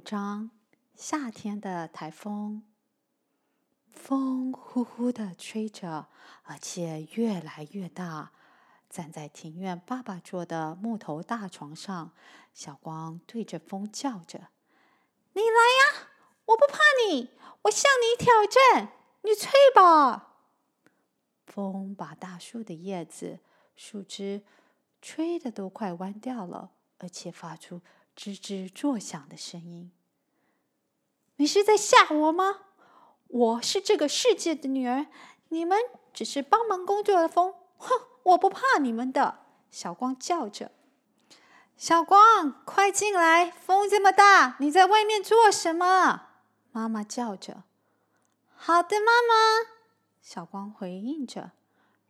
章夏天的台風，風呼呼的吹着，而且越來越大。站在庭院爸爸做的木頭大床上，小光對着風叫着：“你來呀！我不怕你，我向你挑戰！你吹吧！”風把大樹的葉子、樹枝吹得都快彎掉了，而且發出吱吱作響的聲音。你是在嚇我嗎？我是這個世界的女兒，你們只是幫忙工作的風。哼，我不怕你們的！小光叫着：“小光，快進來！風這麼大，你在外面做什麼？”媽媽叫着：“好的，媽媽。”小光回應着，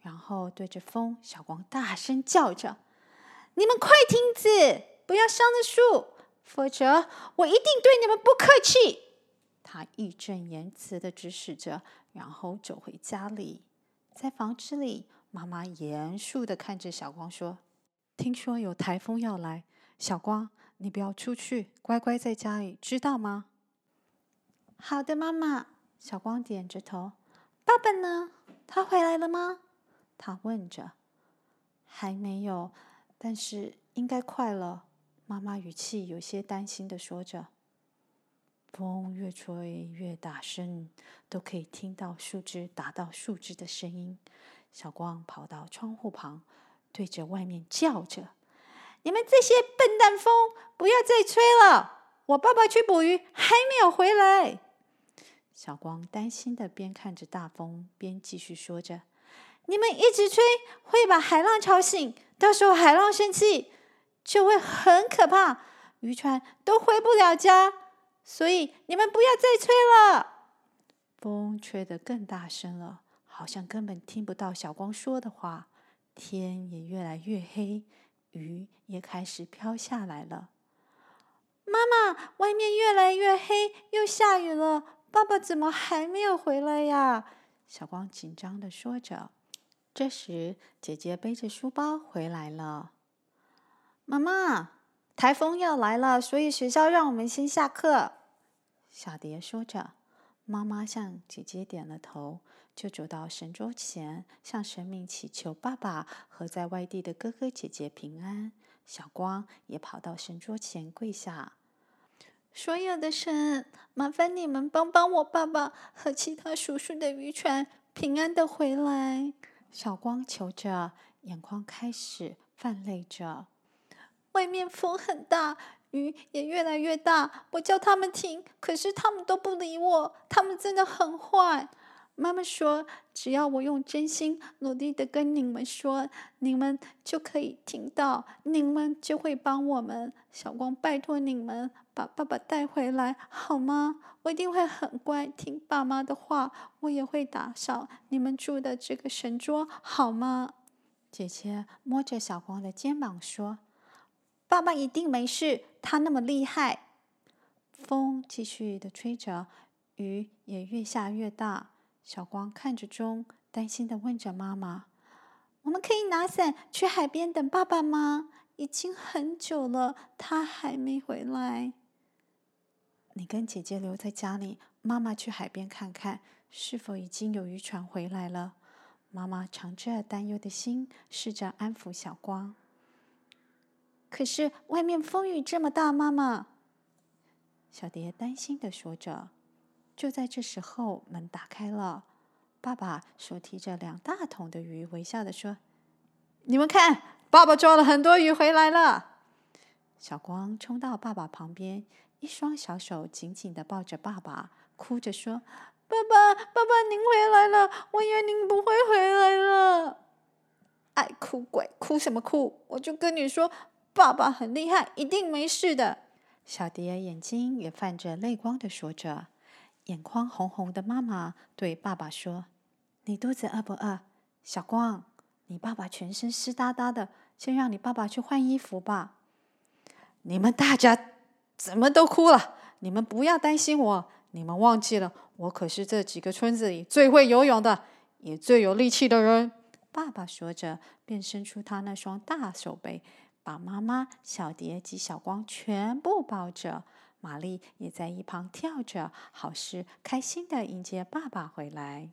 然後對着風，小光大聲叫着：“你們快停止，不要傷了樹，否則我一定對你們不客氣。”他義正言辭的指使着，然後走回家裡。在房子裡，媽媽嚴肅的看着小光說：“聽說有颱風要來，小光，你不要出去，乖乖在家裡，知道嗎？”“好的，媽媽。”小光點着頭。“爸爸呢？他回來了嗎？”他問着。“還沒有，但是應該快了。”媽媽語氣有些擔心的說着。風越吹越大聲，都可以聽到樹枝打到樹枝的聲音。小光跑到窗戶旁，對着外面叫着：“你們這些笨蛋風，風不要再吹了！我爸爸去捕魚還沒有回來。”小光擔心的邊看着大風，邊繼續說着：“你們一直吹，會把海浪吵醒，到時候海浪生氣，就會很可怕，漁船都回不了家。”所以你們不要再吹了。風吹得更大聲了，好像根本聽不到小光說的話。天也越來越黑，雨也開始飄下來了。媽媽，外面越來越黑，又下雨了，爸爸怎麼還沒有回來呀？小光緊張地說着。這時，姐姐背着書包回來了。媽媽，颱風要來了，所以學校讓我們先下課。小蝶說着，媽媽向姐姐點了頭，就走到神桌前，向神明祈求爸爸和在外地的哥哥姐姐平安。小光也跑到神桌前跪下，所有的神，麻煩你們幫幫我，爸爸和其他叔叔的漁船平安的回來。小光求着，眼眶開始泛淚着。外面風很大。雨也越來越大，我叫他們停，可是他們都不理我，他們真的很壞。媽媽說，只要我用真心努力的跟你們說，你們就可以聽到，你們就會幫我們。小光，拜託你們把爸爸帶回來好嗎？我一定會很乖，聽爸媽的話，我也會打掃你們住的這個神桌，好嗎？姐姐摸着小光的肩膀說。爸爸一定沒事，他那麼厲害。風繼續的吹着，雨也越下越大。小光看着鐘，擔心的問着媽媽：“我們可以拿傘去海邊等爸爸嗎？已經很久了，他還沒回來。”你跟姐姐留在家裡，媽媽去海邊看看是否已經有漁船回來了。媽媽藏着擔憂的心，試着安撫小光。可是外面風雨這麼大，媽媽。小蝶擔心的說着。就在這時候，門打開了，爸爸手提着兩大桶的魚，微笑的說：“你們看，爸爸抓了很多魚回來了。”小光衝到爸爸旁邊，一雙小手緊緊的抱着爸爸，哭着說：“爸爸，爸爸，您回來了，我以為您不會回來了。”愛哭鬼，哭什麼哭？我就跟你說。爸爸很厲害，一定沒事的。小蝶眼睛也泛着淚光的說着，眼眶紅紅的。媽媽對爸爸說：“你肚子餓不餓，小光？你爸爸全身濕噠噠的，先讓你爸爸去換衣服吧。”你們大家怎麼都哭了？你們不要擔心我，你們忘記了，我可是這幾個村子裡最會游泳的，也最有力氣的人。爸爸說着，便伸出他那雙大手背。把媽媽、小蝶及小光全部抱着，瑪麗也在一旁跳着，好似開心的迎接爸爸回來。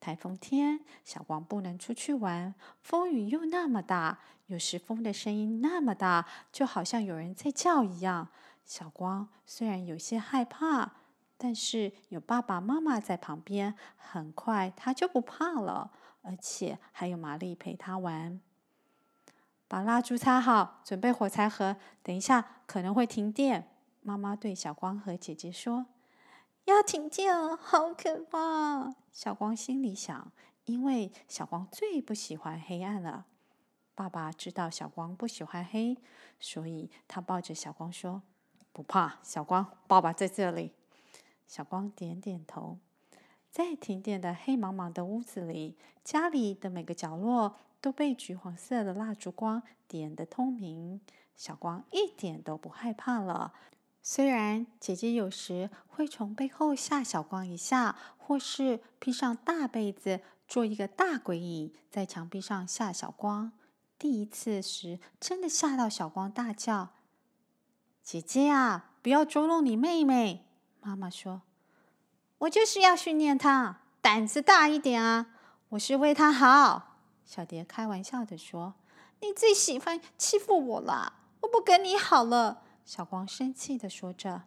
颱風天，小光不能出去玩，風雨又那麼大，有時風的聲音那麼大，就好像有人在叫一樣。小光雖然有些害怕，但是有爸爸媽媽在旁邊，很快他就不怕了，而且還有瑪麗陪他玩。把蠟燭插好，準備火柴盒。等一下可能會停電，媽媽對小光和姐姐說：“要停電哦，好可怕！”小光心裡想，因為小光最不喜歡黑暗了。爸爸知道小光不喜歡黑，所以他抱着小光說：“不怕，小光，爸爸在這裡。”小光點點頭。在停電的黑茫茫的屋子裡，家裡的每個角落。都被橘黃色的蠟燭光點得通明，小光一點都不害怕了。雖然姐姐有時會從背後嚇小光一下，或是披上大被子做一個大鬼影，在牆壁上嚇小光。第一次時，真的嚇到小光大叫：“姐姐啊，不要捉弄你妹妹！”媽媽說：“我就是要訓練她，膽子大一點啊，我是為她好。”小蝶開玩笑的說：“你最喜歡欺負我了，我不跟你好了。”小光生氣的說着：“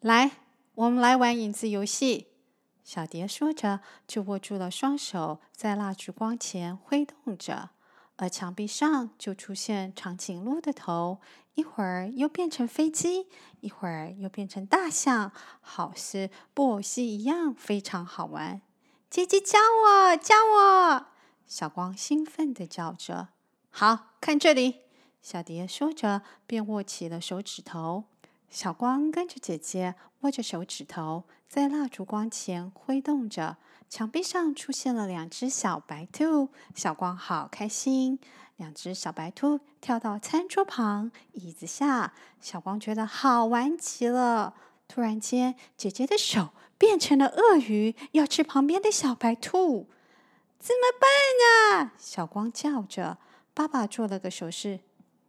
來，我們來玩影子遊戲。”小蝶說着，就握住了雙手，在蠟燭光前揮動着，而牆壁上就出現長頸鹿的頭，一會兒又變成飛機，一會兒又變成大象，好似布偶戲一樣，非常好玩。姐姐教我，教我。小光興奮地叫着：“好，看這裡！”小蝶說着，便握起了手指頭。小光跟着姐姐握着手指頭，在蠟燭光前揮動着，牆壁上出現了兩只小白兔。小光好開心！兩只小白兔跳到餐桌旁、椅子下，小光覺得好玩極了。突然間，姐姐的手變成了鱷魚，要吃旁邊的小白兔。怎麼辦呢？小光叫着。爸爸做了個手勢：“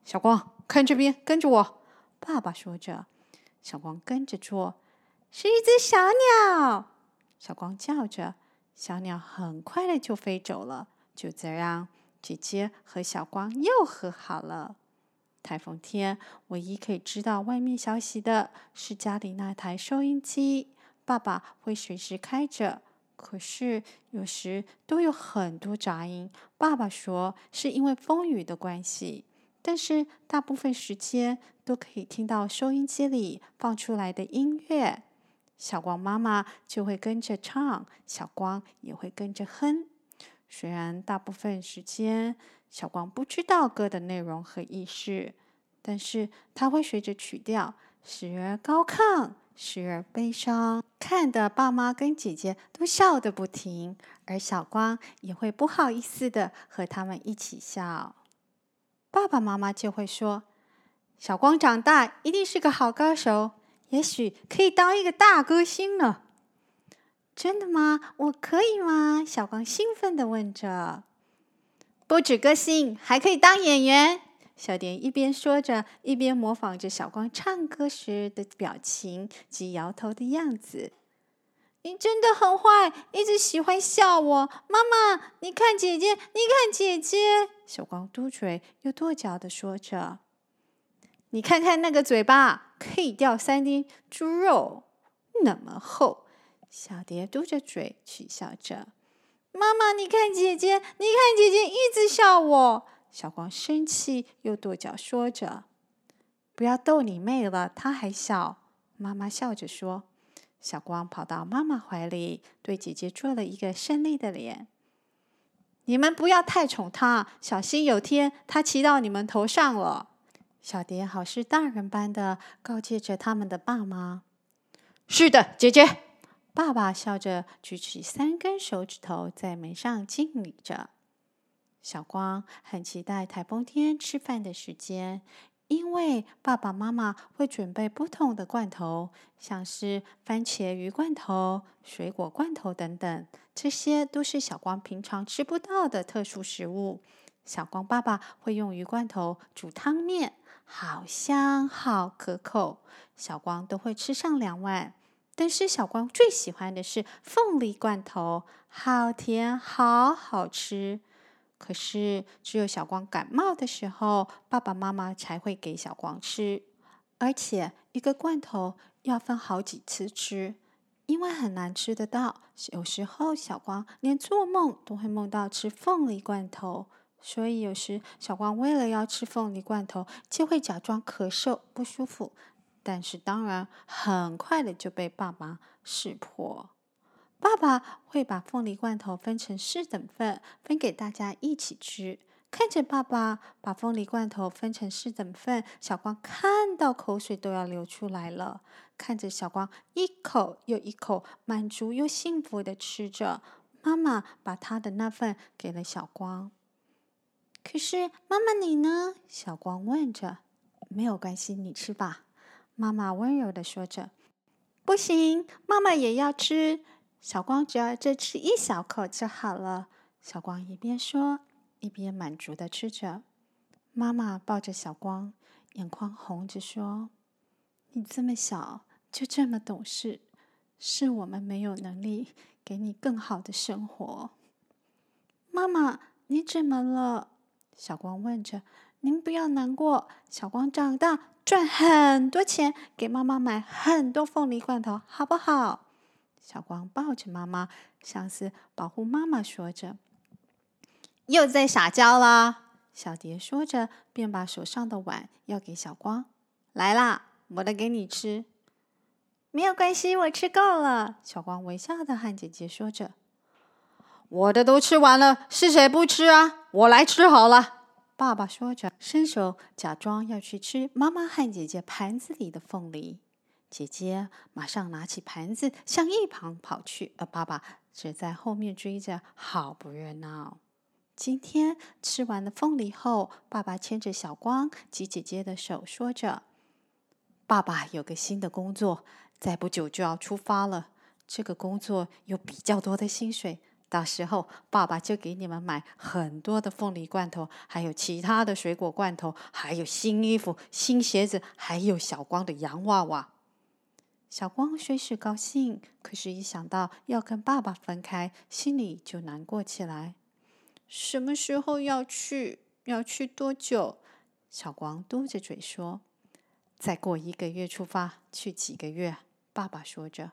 小光，看這邊，跟着我。”爸爸說着，小光跟着做。是一只小鳥，小光叫着。小鳥很快的就飛走了。就這樣，姐姐和小光又和好了。颱風天，唯一可以知道外面消息的是家裡那台收音機，爸爸會隨時開着。可是有時都有很多雜音，爸爸說是因為風雨的關係。但是大部分時間都可以聽到收音機裡放出來的音樂，小光媽媽就會跟着唱，小光也會跟着哼。雖然大部分時間小光不知道歌的內容和意思，但是他會隨着曲調時而高亢。時而悲傷，看得爸媽跟姐姐都笑得不停，而小光也會不好意思的和他們一起笑。爸爸媽媽就會說：“小光長大一定是個好歌手，也許可以當一個大歌星呢。”“真的嗎？我可以嗎？”小光興奮的問着。“不止歌星，還可以當演員。”小蝶一邊說着，一邊模仿着小光唱歌時的表情及搖頭的樣子。你真的很壞，一直喜歡笑我。媽媽，你看姐姐，你看姐姐。小光嘟嘴又跺腳的說着：“你看看那個嘴巴，可以掉三斤豬肉，那麼厚。”小蝶嘟着嘴取笑着：“媽媽，你看姐姐，你看姐姐，一直笑我。”小光生氣，又跺腳，說着：“不要逗你妹了，她還小。”媽媽笑着說。小光跑到媽媽懷裡，對姐姐做了一個勝利的臉。“你們不要太寵她，小心有天她騎到你們頭上了。”小蝶好似大人般的告誡着他們的爸媽。“是的，姐姐。”爸爸笑着舉起三根手指頭，在門上敬禮着。小光很期待颱風天吃飯的時間，因為爸爸媽媽會準備不同的罐頭，像是番茄魚罐頭、水果罐頭等等，這些都是小光平常吃不到的特殊食物。小光爸爸會用魚罐頭煮湯麵，好香好可口，小光都會吃上兩碗。但是小光最喜歡的是鳳梨罐頭，好甜好好吃。可是，只有小光感冒的時候，爸爸媽媽才會給小光吃，而且一個罐頭要分好幾次吃，因為很難吃得到。有時候小光連做夢都會夢到吃鳳梨罐頭，所以有時小光為了要吃鳳梨罐頭，就會假裝咳嗽不舒服，但是當然很快的就被爸媽識破。爸爸會把鳳梨罐頭分成四等份，分給大家一起吃。看着爸爸把鳳梨罐頭分成四等份，小光看到口水都要流出來了。看着小光一口又一口滿足又幸福的吃着，媽媽把她的那份給了小光。可是媽媽你呢？小光問着。“沒有關係，你吃吧。”媽媽溫柔的說着。“不行，媽媽也要吃。”小光，只要再吃一小口就好了。小光一邊說，一邊滿足的吃着。媽媽抱着小光，眼眶紅着說：“你這麼小，就這麼懂事，是我們沒有能力給你更好的生活。”媽媽，你怎麼了？小光問着。“您不要難過。”小光長大賺很多錢，給媽媽買很多鳳梨罐頭，好不好？小光抱着媽媽，像是保護媽媽，說着：“又在撒嬌了。”小蝶說着，便把手上的碗要給小光：“來啦，我的給你吃。”“沒有關係，我吃夠了。”小光微笑的和姐姐說着：“我的都吃完了，是誰不吃啊？我來吃好了。”爸爸說着，伸手假裝要去吃媽媽和姐姐盤子裡的鳳梨。姐姐馬上拿起盤子向一旁跑去，而爸爸則在後面追着，好不熱鬧。今天吃完了鳳梨後，爸爸牽着小光及姐姐的手，說着：“爸爸有個新的工作，再不久就要出發了。這個工作有比較多的薪水，到時候爸爸就給你們買很多的鳳梨罐頭，還有其他的水果罐頭，還有新衣服、新鞋子，還有小光的洋娃娃。”小光雖是高興，可是，一想到要跟爸爸分開，心裡就難過起來。什麼時候要去？要去多久？小光嘟着嘴說：“再過一個月出發，去幾個月？”爸爸說着。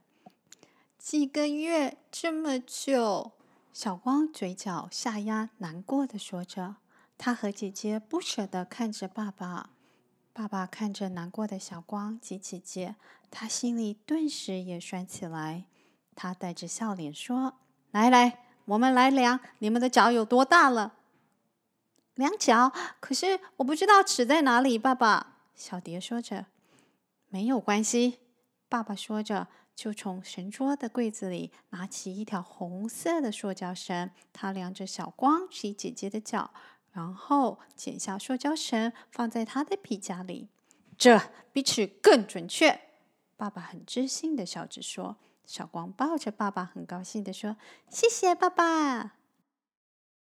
幾個月這麼久？小光嘴角下壓，難過的說着。她和姐姐不捨得看着爸爸。爸爸看着難過的小光及姐姐，他心裡頓時也酸起來。他帶着笑臉說：“來來，我們來量你們的腳有多大了。量腳？可是我不知道尺在哪裡，爸爸。”小蝶說着，沒有關係。爸爸說着，就從神桌的櫃子裡拿起一條紅色的塑膠繩，他量着小光及姐姐的腳。然後剪下塑膠繩，放在他的皮夾裡，這比尺更準確。爸爸很自信的笑着說。小光抱着爸爸，很高興的說：“謝謝爸爸。”